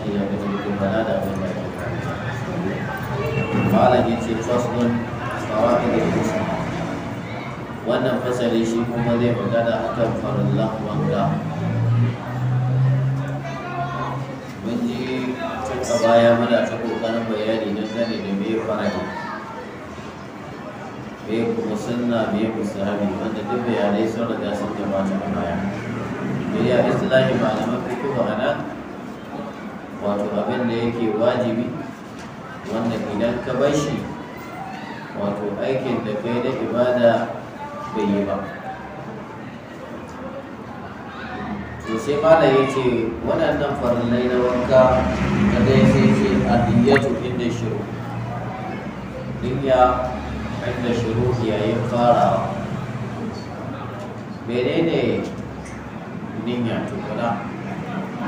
aiki ya gaji da abin da ake ce faslun tsawaki da kusa wannan fasali shi kuma zai magana akan farillan wanga mun ji a baya muna ta kokarin bayani na gane da me farali me kuma sunna wanda duk bayanai a baya wato abin da yake wajibi wanda idan ka bar shi wato aikin da kai da ibada bai yi ba to sai mala ya ce waɗannan farillai na wanka da dai sai ce adiyyatu inda shiru dinya inda shiru yayin farawa menene dinya tukuna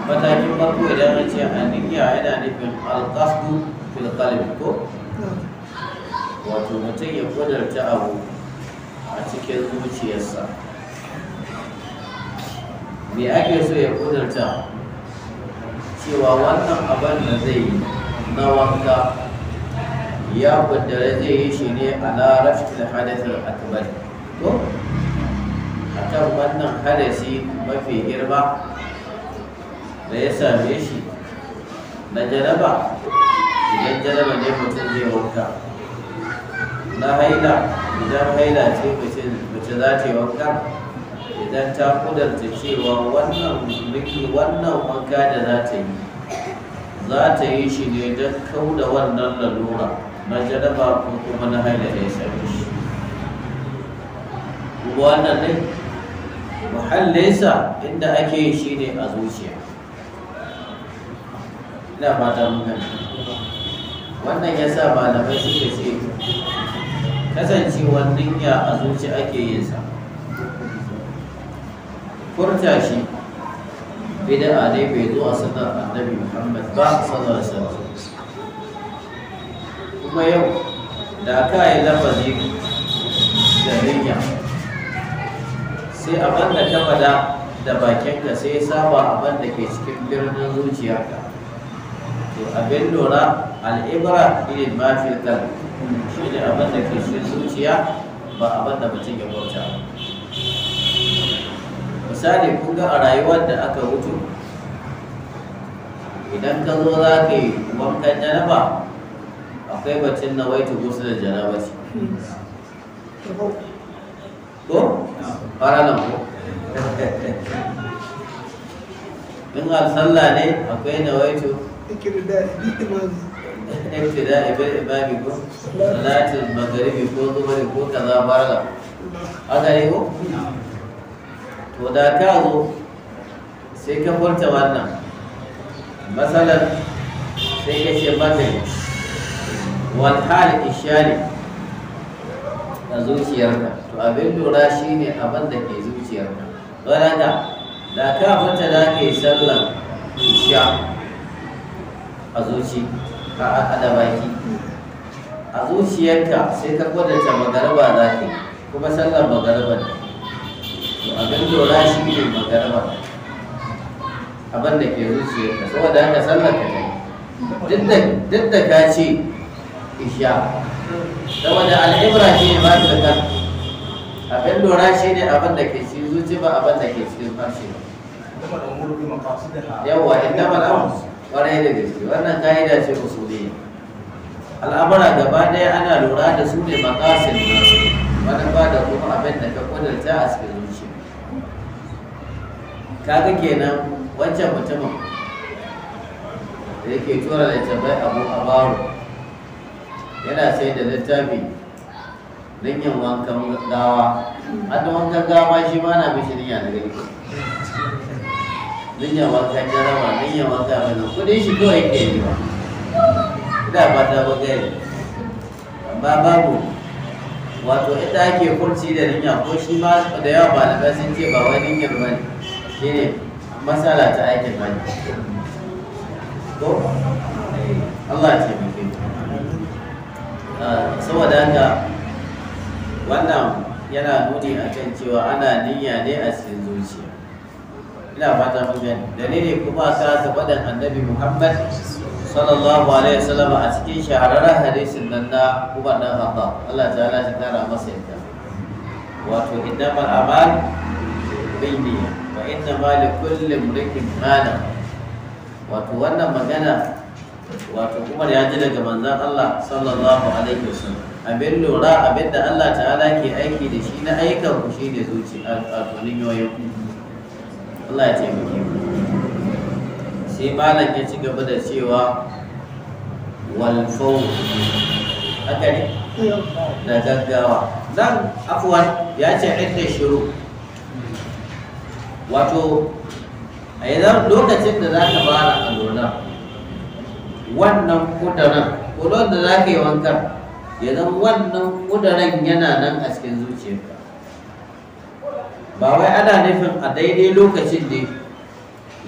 matakin farko idan an ce aniyya yana nufin alƙasdu fil qalbi ko wato mutum ya kudarta abu a cikin zuciyarsa me ake so ya kudarta cewa wannan abin da zai yi na wanka ya kuddare zai yi shi ne a larafin hadasar akbar to a kan wannan hadasi mafi girma da ya same shi na jaraba idan jaraba ne mutum zai wanka na haila idan haila ce mace za ta yi wanka idan ta kudarta cewa wannan musulmi wannan wanka da za ta yi za ta yi shi ne don kauda wannan lalura na jaraba ko kuma na haila da ya same shi wannan ne muhallinsa inda ake yi shi ne a zuciya ina fata muka wannan ya sa malamai suka ce kasancewar ninya a zuci ake yin sa furta shi bid'a dai bai zo a sanar annabi muhammad ba sallallahu alaihi wasallam kuma yau da ka yi lafazi da ninya sai abin da ta fada da bakinka sai saba abin da ke cikin birnin zuciyarka to abin lura al'ibra irin ma fi kan shi ne abin da ke shi zuciya ba abin da mutum ya bauta misali kun ga a rayuwar da aka wuce idan ka zo za ka yi wankan janaba akwai bacin na waitu gusu da janaba ce ko? faralan ko? in al sallah ne akwai na waitu ikirda bi'imaz ibtida'i bil imami ko salatul magharibi ko zumari ko kaza barga haka ne ko to da ka zo sai ka furta wannan masalan sai ka ce madani wal hal ishari a zuciyarka to abin lura shine abin da ke zuciyarka don haka da ka da a zuci a haɗa baki a zuciyarka sai ka ta magarba za ka kuma sallar magarba ne to abin dora shi ne magarba abin da ke zuciyarka saboda haka sallar ka kai duk da ka ce isha saboda al'ibra shi ne ba da kan abin dora shi ne abin da ke cikin zuci ba abin da ke cikin harshe ba yawwa inda mal'amus kwarai da gaske wannan ka'ida ce usuliya al'amura gaba ɗaya ana lura da su ne makasin nasu wani ba da kuma abin da ka kudurta a cikin kaga kenan wancan mutumin da yake tura da littafai abu a baro yana sai da littafi don yin wankan gawa har wankan gawa shi ma na mishi niyya na don yawa ka jarawa don yawa ka bane kudin shi kawai ke yi ba ina ba ta ba gari amma babu wato ita ake kurci da ninya ko shi ma da yawa malamai sun ce ba wani ninyar ba ne shi ne matsala ta aikin ba ne ko Allah ce mafi ah, saboda haka wannan yana nuni a kan cewa ana niyya ne a cikin zuciya ina fata mun gani dalili kuma sa ta faɗin annabi muhammad sallallahu alaihi wasallam a cikin shahararren hadisin nan na kuma dan haka Allah ta'ala shi kara masa yadda wato innamal amal binniya wa inna ma li kulli mulkin mana wato wannan magana wato kuma ya ji daga manzon Allah sallallahu alaihi wasallam abin lura abin da Allah ta'ala ke aiki da shi na aikan ku da zuciya a tunin yoyin Allah ya taimake mu sai malam ya ci gaba da cewa wal fawd haka ne da gaggawa nan afwan ya ce inda shiru wato a yanzu lokacin da za ka fara alwala wannan kudanan kudon da za ka yi wankan yanzu wannan kudanan yana nan a cikin ba wai ana nufin a daidai lokacin ne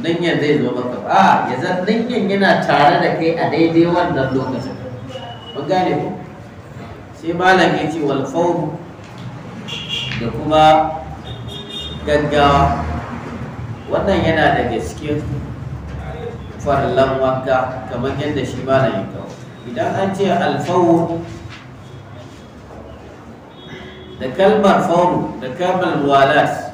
ninyan zai zo maka ba a ya zan ninyan yana tare da kai a daidai wannan lokacin mun gane ku sai malam ya ce wal da kuma gaggawa wannan yana da gaske farallan wanka kamar yadda shi malam ya kawo idan an ce alfawur da kalmar fauru da kalmar walat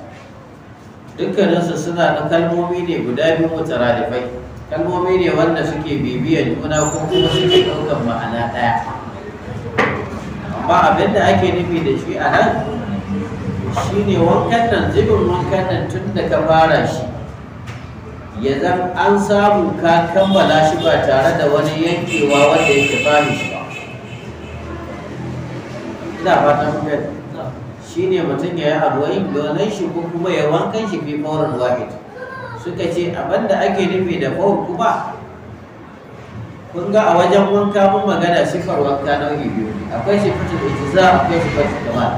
dukkaninsu suna da kalmomi ne guda biyu mutaradifai kalmomi ne wanda suke bibiyar juna ko kuma suke ɗaukar ma'ana ɗaya amma abin da ake nufi da shi a nan shi ne wankan nan zubin wankan nan tun da ka fara shi ya zan an samu ka kammala shi ba tare da wani yankewa wanda yake fahimci ba ina fatan gani Shi ne mutum ya yi alwai donan shi ko kuma ya wankan shi fi fawrin wahid suka ce abinda ake nufi da fawr kuma kun ga a wajen wanka mun magana sifar wanka nau'i biyu akwai shi za a kai shi sifatul kamal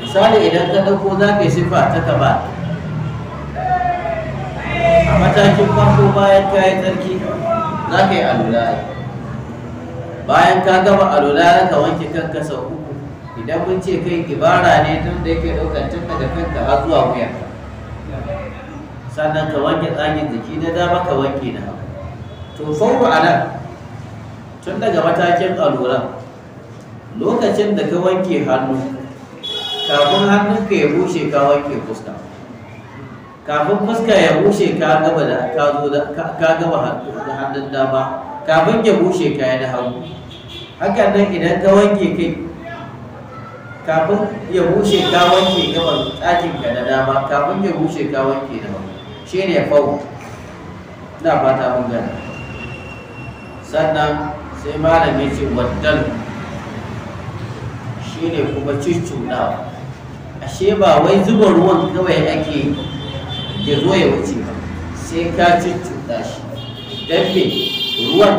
misali idan ka dauko za ka yi sifa ta kama a matakin farko bayan ka yi tsarki za ka yi alula bayan ka gama alula ka wanke kanka sau idan mun ce kai ibara ne tun da yake ɗaukar tun daga kanka har zuwa wuya sannan ka wanke tsakin jiki na dama ka wanke na hagu to fauru a nan tun daga matakin alura lokacin da ka wanke hannu kafin hannunka ya bushe ka wanke fuska kafin fuska ya bushe ka gaba da ka zo ka gaba hannun dama kafin ya bushe ka yi na hagu hakan nan idan ka wanke kai kafin ya bushe ka wanke gaban tsakin ka na dama kafin ya bushe ka wanke na ne ya fau na fata mun gana sannan sai malam ya ce shi ne kuma cuccuɗawa ashe ba wai zuba ruwan kawai ake ya zo ya wuce ba sai ka cuccuɗa shi don me ruwan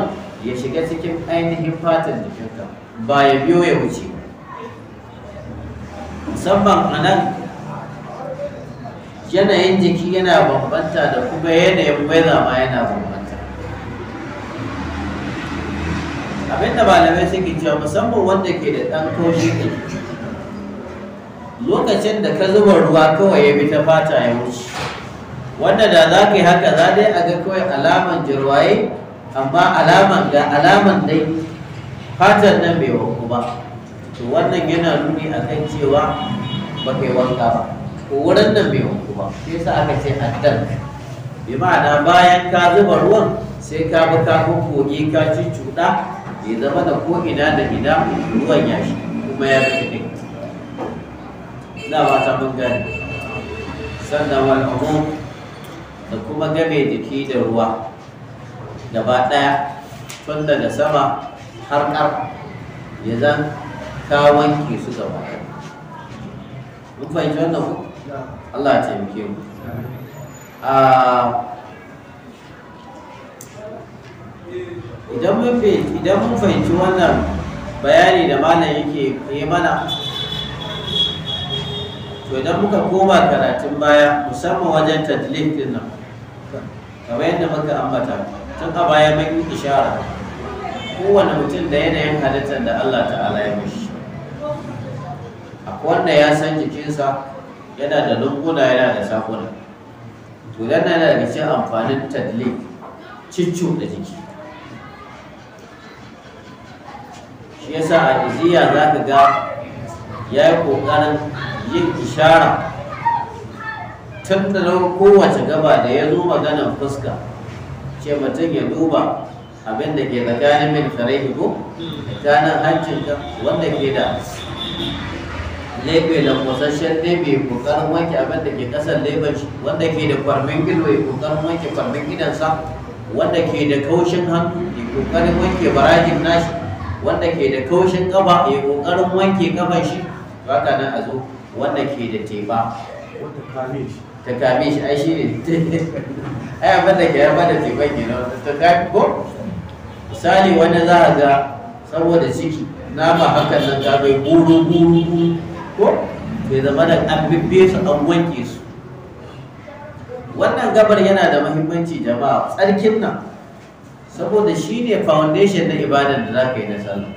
ya shiga cikin ainihin fatan jikinka ba ya biyo ya wuce musamman a nan yanayin jiki yana bambanta da kuma yanayin weather ma yana bambanta abinda malamai suke cewa musamman wanda ke da ɗan kaushi ne lokacin da ka zuba ruwa kawai ya bi ta fata ya wuce wanda da za ka yi haka za dai a ga kawai alaman jirwaye amma alaman ga alaman dai fatan nan bai wuku ba to wannan yana nuni akan cewa ba kai wanka ba ko wurin nan bai wanku ba sai sa aka ce addan bi ma'ana bayan ka zuba ruwan sai ka bi ka kogi ka ci cuɗa ya zama da ko ina da ina ruwan ya shi kuma ya fi ne na ba ta mun gani sannan wal umum da kuma game jiki da ruwa gaba ɗaya tun daga sama har ƙar ya zan Ta wanke su gaba mun fahimci wannan ku Allah ya taimake mu ah, idan mun idan mun fahimci wannan bayani da malam yake yi mana to idan muka koma karatun baya musamman wajen tadlif din nan kamar yadda muka ambata tun a baya mai yi kowane mutum da yanayin halittar da Allah ta'ala ya mishi wanda ya san jikinsa yana da lunguna yana da sakuna to yana da cikin amfanin tadli ciccu da jiki shi yasa a iziya za ka ga ya yi ƙoƙarin yin ishara tun kowace gaba da ya zo maganan fuska ce mutum ya duba abin da ke tsakanin min kare higo tsakanin hancinka wanda ke da laife da kwasashen laife kokarin wanke abin da ke kasar laifin shi wanda ke da kwarmin gido ya kokarin wanke kwarmin gidansa wanda ke da kaushin hannu ya kokarin wanke barajin nashi wanda ke da kaushin ƙafa ya kokarin wanke kafan shi haka nan a zo wanda ke da teba ta kame shi ai shi ne ai abin da ke yaba da teban kenan ta kame ko misali wani za a ga saboda ciki nama hakan nan ta bai buru buru ko bai zama da an bibbe su an wanke su wannan gabar yana da mahimmanci jama'a tsarkin nan saboda shi ne foundation na ibadar da za ka yi na sallah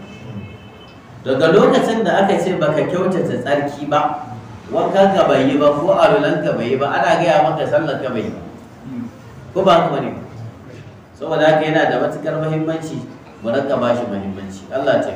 daga lokacin da aka ce baka kyautata tsarki ba wankan ka bai yi ba ko alulan ka bai yi ba ana gaya maka sallar ka bai yi ko ba kuma ne saboda haka yana da matukar muhimmanci mu rinka ba shi muhimmanci Allah ta